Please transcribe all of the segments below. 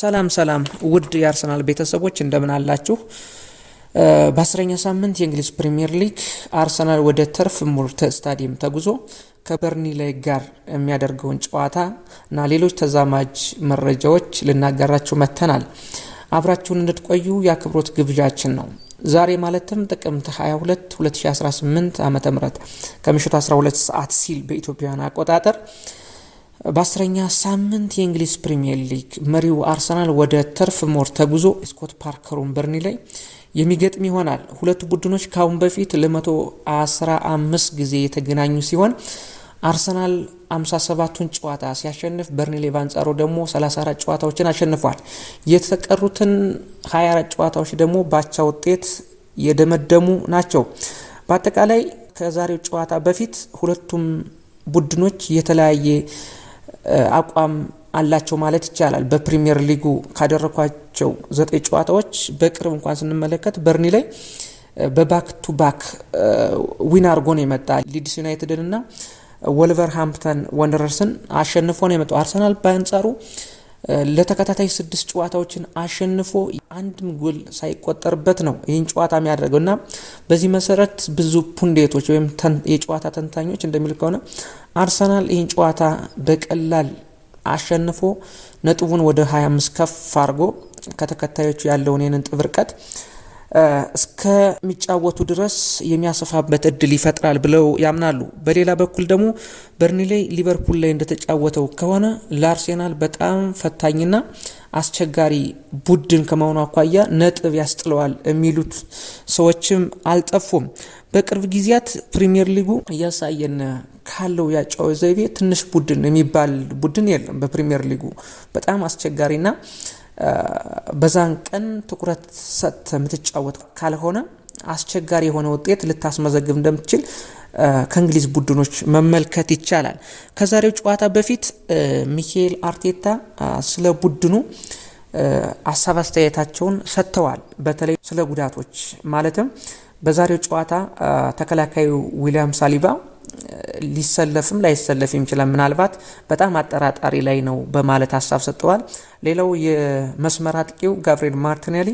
ሰላም ሰላም ውድ የአርሰናል ቤተሰቦች እንደምን አላችሁ? በአስረኛ ሳምንት የእንግሊዝ ፕሪምየር ሊግ አርሰናል ወደ ተርፍ ሙር ስታዲየም ተጉዞ ከበርኒ ላይ ጋር የሚያደርገውን ጨዋታ እና ሌሎች ተዛማጅ መረጃዎች ልናጋራችሁ መጥተናል። አብራችሁን እንድትቆዩ የአክብሮት ግብዣችን ነው። ዛሬ ማለትም ጥቅምት 22 2018 ዓ ም ከምሽቱ 12 ሰዓት ሲል በኢትዮጵያውያን አቆጣጠር በአስረኛ ሳምንት የእንግሊዝ ፕሪምየር ሊግ መሪው አርሰናል ወደ ተርፍ ሞር ተጉዞ ስኮት ፓርከሩን በርኒ ላይ የሚገጥም ይሆናል። ሁለቱ ቡድኖች ካሁን በፊት ለ115 ጊዜ የተገናኙ ሲሆን አርሰናል 57ቱን ጨዋታ ሲያሸንፍ በርኒሌ በአንጻሩ ደግሞ 34 ጨዋታዎችን አሸንፏል። የተቀሩትን 24 ጨዋታዎች ደግሞ ባቻ ውጤት የደመደሙ ናቸው። በአጠቃላይ ከዛሬው ጨዋታ በፊት ሁለቱም ቡድኖች የተለያየ አቋም አላቸው ማለት ይቻላል። በፕሪሚየር ሊጉ ካደረኳቸው ዘጠኝ ጨዋታዎች በቅርብ እንኳን ስንመለከት በርኒ ላይ በባክ ቱ ባክ ዊን አርጎ ነው የመጣ ሊድስ ዩናይትድን እና ወልቨርሃምፕተን ወንደረርስን አሸንፎ ነው የመጣው። አርሰናል በአንጻሩ ለተከታታይ ስድስት ጨዋታዎችን አሸንፎ አንድም ጎል ሳይቆጠርበት ነው ይህን ጨዋታ የሚያደርገው እና በዚህ መሰረት ብዙ ፑንዴቶች ወይም የጨዋታ ተንታኞች እንደሚል ከሆነ አርሰናል ይህን ጨዋታ በቀላል አሸንፎ ነጥቡን ወደ 25 ከፍ አድርጎ ከተከታዮቹ ያለውን የነጥብ ርቀት እስከሚጫወቱ ድረስ የሚያሰፋበት እድል ይፈጥራል ብለው ያምናሉ። በሌላ በኩል ደግሞ ላይ ሊቨርፑል ላይ እንደተጫወተው ከሆነ ለአርሴናል በጣም ፈታኝና አስቸጋሪ ቡድን ከመሆኑ አኳያ ነጥብ ያስጥለዋል የሚሉት ሰዎችም አልጠፉም። በቅርብ ጊዜያት ፕሪምየር ሊጉ እያሳየን ካለው ያጫወ ዘይቤ ትንሽ ቡድን የሚባል ቡድን የለም። በፕሪምየር ሊጉ በጣም አስቸጋሪና በዛን ቀን ትኩረት ሰጥተ የምትጫወት ካልሆነ አስቸጋሪ የሆነ ውጤት ልታስመዘግብ እንደምትችል ከእንግሊዝ ቡድኖች መመልከት ይቻላል። ከዛሬው ጨዋታ በፊት ሚካኤል አርቴታ ስለ ቡድኑ አሳብ አስተያየታቸውን ሰጥተዋል። በተለይ ስለ ጉዳቶች ማለትም በዛሬው ጨዋታ ተከላካዩ ዊሊያም ሳሊባ ሊሰለፍም ላይሰለፍም ይችላል። ምናልባት በጣም አጠራጣሪ ላይ ነው በማለት ሀሳብ ሰጥተዋል። ሌላው የመስመር አጥቂው ጋብሪኤል ማርቲኔሊ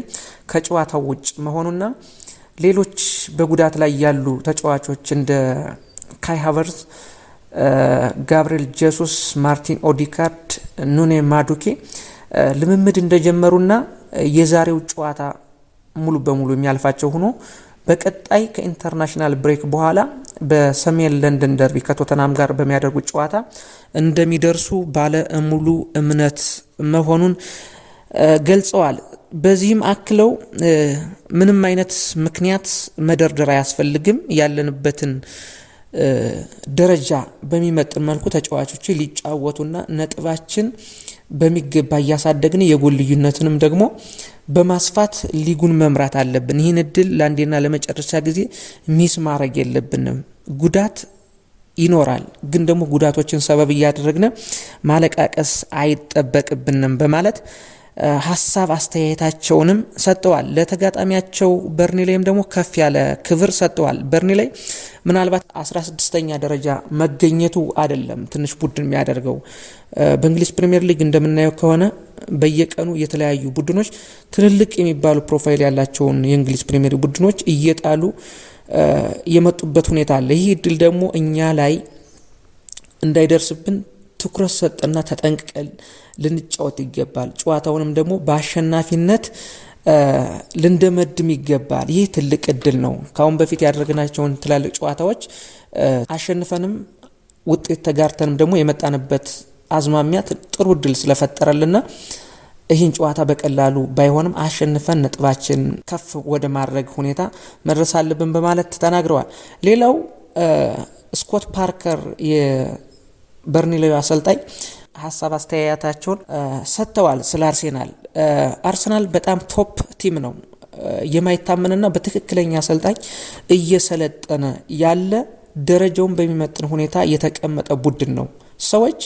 ከጨዋታው ውጭ መሆኑና ሌሎች በጉዳት ላይ ያሉ ተጫዋቾች እንደ ካይ ሃቨርዝ፣ ጋብሪኤል ጀሱስ ማርቲን ኦዲካርድ፣ ኑኔ ማዱኬ ልምምድ እንደጀመሩና የዛሬው ጨዋታ ሙሉ በሙሉ የሚያልፋቸው ሆኖ በቀጣይ ከኢንተርናሽናል ብሬክ በኋላ በሰሜን ለንደን ደርቢ ከቶተናም ጋር በሚያደርጉት ጨዋታ እንደሚደርሱ ባለ ሙሉ እምነት መሆኑን ገልጸዋል። በዚህም አክለው ምንም አይነት ምክንያት መደርደር አያስፈልግም፣ ያለንበትን ደረጃ በሚመጥን መልኩ ተጫዋቾች ሊጫወቱና ነጥባችን በሚገባ እያሳደግን የጎል ልዩነትንም ደግሞ በማስፋት ሊጉን መምራት አለብን። ይህን እድል ለአንዴና ለመጨረሻ ጊዜ ሚስ ማድረግ የለብንም። ጉዳት ይኖራል፣ ግን ደግሞ ጉዳቶችን ሰበብ እያደረግን ማለቃቀስ አይጠበቅብንም በማለት ሀሳብ አስተያየታቸውንም ሰጥተዋል። ለተጋጣሚያቸው በርኒ ላይም ደግሞ ከፍ ያለ ክብር ሰጥተዋል። በርኒ ላይ ምናልባት 16ኛ ደረጃ መገኘቱ አይደለም ትንሽ ቡድን የሚያደርገው። በእንግሊዝ ፕሪምየር ሊግ እንደምናየው ከሆነ በየቀኑ የተለያዩ ቡድኖች ትልልቅ የሚባሉ ፕሮፋይል ያላቸውን የእንግሊዝ ፕሪምየር ቡድኖች እየጣሉ የመጡበት ሁኔታ አለ። ይህ እድል ደግሞ እኛ ላይ እንዳይደርስብን ትኩረት ሰጥና ተጠንቅቀን ልንጫወት ይገባል። ጨዋታውንም ደግሞ በአሸናፊነት ልንደመድም ይገባል። ይህ ትልቅ እድል ነው። ካሁን በፊት ያደረግናቸውን ትላልቅ ጨዋታዎች አሸንፈንም ውጤት ተጋርተንም ደግሞ የመጣንበት አዝማሚያ ጥሩ እድል ስለፈጠረልና ይህን ጨዋታ በቀላሉ ባይሆንም አሸንፈን ነጥባችን ከፍ ወደ ማድረግ ሁኔታ መድረስ አለብን በማለት ተናግረዋል። ሌላው ስኮት ፓርከር በርንሌው አሰልጣኝ ሀሳብ አስተያየታቸውን ሰጥተዋል። ስለ አርሴናል አርሰናል በጣም ቶፕ ቲም ነው የማይታመንና በትክክለኛ አሰልጣኝ እየሰለጠነ ያለ ደረጃውን በሚመጥን ሁኔታ የተቀመጠ ቡድን ነው። ሰዎች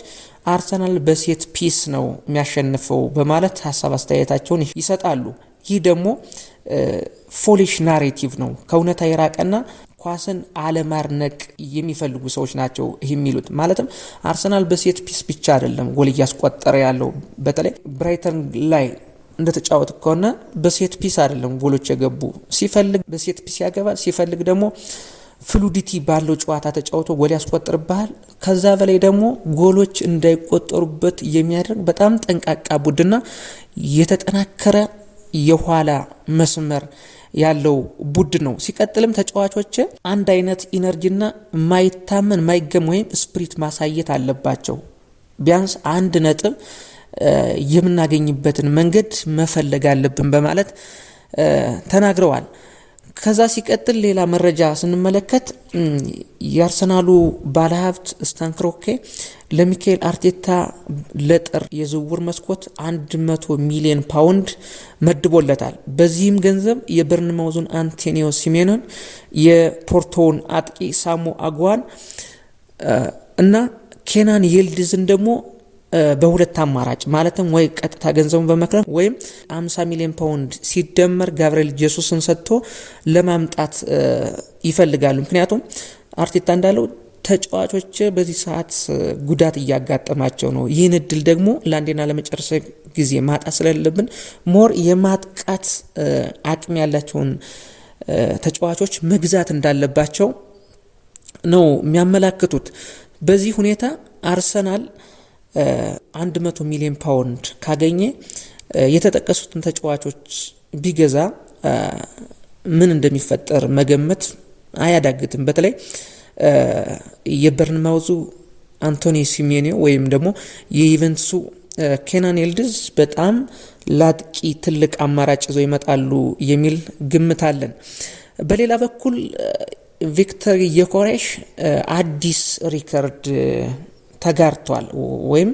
አርሰናል በሴት ፒስ ነው የሚያሸንፈው በማለት ሀሳብ አስተያየታቸውን ይሰጣሉ። ይህ ደግሞ ፎሊሽ ናሬቲቭ ነው፣ ከእውነታ የራቀና ኳስን አለማርነቅ የሚፈልጉ ሰዎች ናቸው ይህ የሚሉት። ማለትም አርሰናል በሴት ፒስ ብቻ አይደለም ጎል እያስቆጠረ ያለው። በተለይ ብራይተን ላይ እንደተጫወት ከሆነ በሴት ፒስ አይደለም ጎሎች የገቡ። ሲፈልግ በሴት ፒስ ያገባል፣ ሲፈልግ ደግሞ ፍሉዲቲ ባለው ጨዋታ ተጫውቶ ጎል ያስቆጥርብሃል። ከዛ በላይ ደግሞ ጎሎች እንዳይቆጠሩበት የሚያደርግ በጣም ጠንቃቃ ቡድና የተጠናከረ የኋላ መስመር ያለው ቡድን ነው። ሲቀጥልም ተጫዋቾች አንድ አይነት ኢነርጂና ማይታመን ማይገም ወይም ስፕሪት ማሳየት አለባቸው። ቢያንስ አንድ ነጥብ የምናገኝበትን መንገድ መፈለግ አለብን በማለት ተናግረዋል። ከዛ ሲቀጥል ሌላ መረጃ ስንመለከት የአርሰናሉ ባለሀብት ስታንክሮኬ ለሚካኤል አርቴታ ለጥር የዝውውር መስኮት 100 ሚሊዮን ፓውንድ መድቦለታል። በዚህም ገንዘብ የበርንማውዙን አንቶኒዮ ሲሜኖን፣ የፖርቶውን አጥቂ ሳሞ አጓን እና ኬናን የልድዝን ደግሞ በሁለት አማራጭ ማለትም ወይ ቀጥታ ገንዘቡን በመክረም ወይም 50 ሚሊዮን ፓውንድ ሲደመር ጋብርኤል ጀሱስን ሰጥቶ ለማምጣት ይፈልጋሉ። ምክንያቱም አርቴታ እንዳለው ተጫዋቾች በዚህ ሰዓት ጉዳት እያጋጠማቸው ነው። ይህን እድል ደግሞ ለአንዴና ለመጨረሻ ጊዜ ማጣት ስለሌለብን ሞር የማጥቃት አቅም ያላቸውን ተጫዋቾች መግዛት እንዳለባቸው ነው የሚያመላክቱት። በዚህ ሁኔታ አርሰናል 100 ሚሊዮን ፓውንድ ካገኘ የተጠቀሱትን ተጫዋቾች ቢገዛ ምን እንደሚፈጠር መገመት አያዳግትም። በተለይ የበርንማውዙ አንቶኒ ሲሜኒዮ ወይም ደግሞ የኢቨንትሱ ኬናን ኤልድዝ በጣም ላጥቂ ትልቅ አማራጭ ይዘው ይመጣሉ የሚል ግምት አለን። በሌላ በኩል ቪክተር የኮሬሽ አዲስ ሪከርድ ተጋርቷል ወይም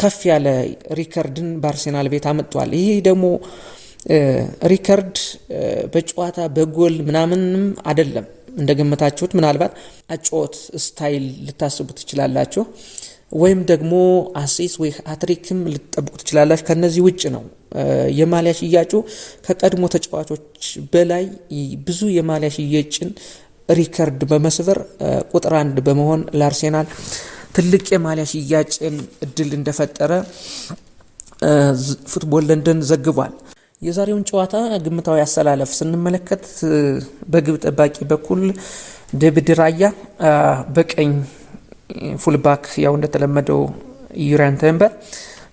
ከፍ ያለ ሪከርድን በአርሴናል ቤት አመጥቷል። ይሄ ደግሞ ሪከርድ በጨዋታ በጎል ምናምንም አይደለም። እንደገመታችሁት ምናልባት አጨዋወት ስታይል ልታስቡ ትችላላችሁ፣ ወይም ደግሞ አሲስ ወይ አትሪክም ልትጠብቁ ትችላላችሁ። ከነዚህ ውጭ ነው። የማሊያ ሽያጩ ከቀድሞ ተጫዋቾች በላይ ብዙ የማሊያ ሽያጭን ሪከርድ በመስበር ቁጥር አንድ በመሆን ለአርሴናል ትልቅ የማሊያ ሽያጭን እድል እንደፈጠረ ፉትቦል ለንደን ዘግቧል። የዛሬውን ጨዋታ ግምታዊ አሰላለፍ ስንመለከት በግብ ጠባቂ በኩል ዴቪድ ራያ፣ በቀኝ ፉልባክ ያው እንደተለመደው ዩሪያን ተንበር፣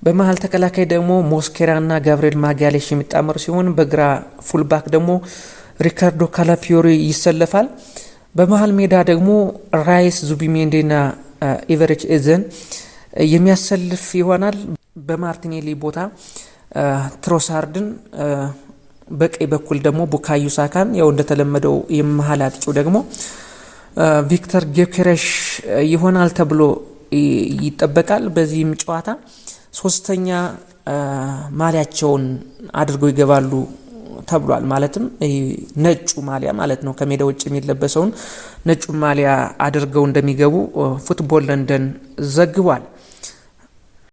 በመሀል ተከላካይ ደግሞ ሞስኬራ ጋብርኤል ማጋሌሽ የሚጣመሩ ሲሆን በግራ ፉልባክ ደግሞ ሪካርዶ ካላፊዮሪ ይሰለፋል። በመሀል ሜዳ ደግሞ ራይስ ዙቢሜንዴና ኤቨሬጅ uh, ኤዘን uh, የሚያሰልፍ ይሆናል። በማርቲኔሊ ቦታ uh, ትሮሳርድን በቀኝ በኩል ደግሞ ቡካዩ ሳካን ያው እንደተለመደው የመሀል አጥቂው ደግሞ ቪክተር ጌኬረሽ ይሆናል ተብሎ ይጠበቃል። በዚህም ጨዋታ ሶስተኛ ማሊያቸውን አድርገው ይገባሉ። ተብሏል። ማለትም ነጩ ማሊያ ማለት ነው ከሜዳ ውጭ የሚለበሰውን ነጩ ማሊያ አድርገው እንደሚገቡ ፉትቦል ለንደን ዘግቧል።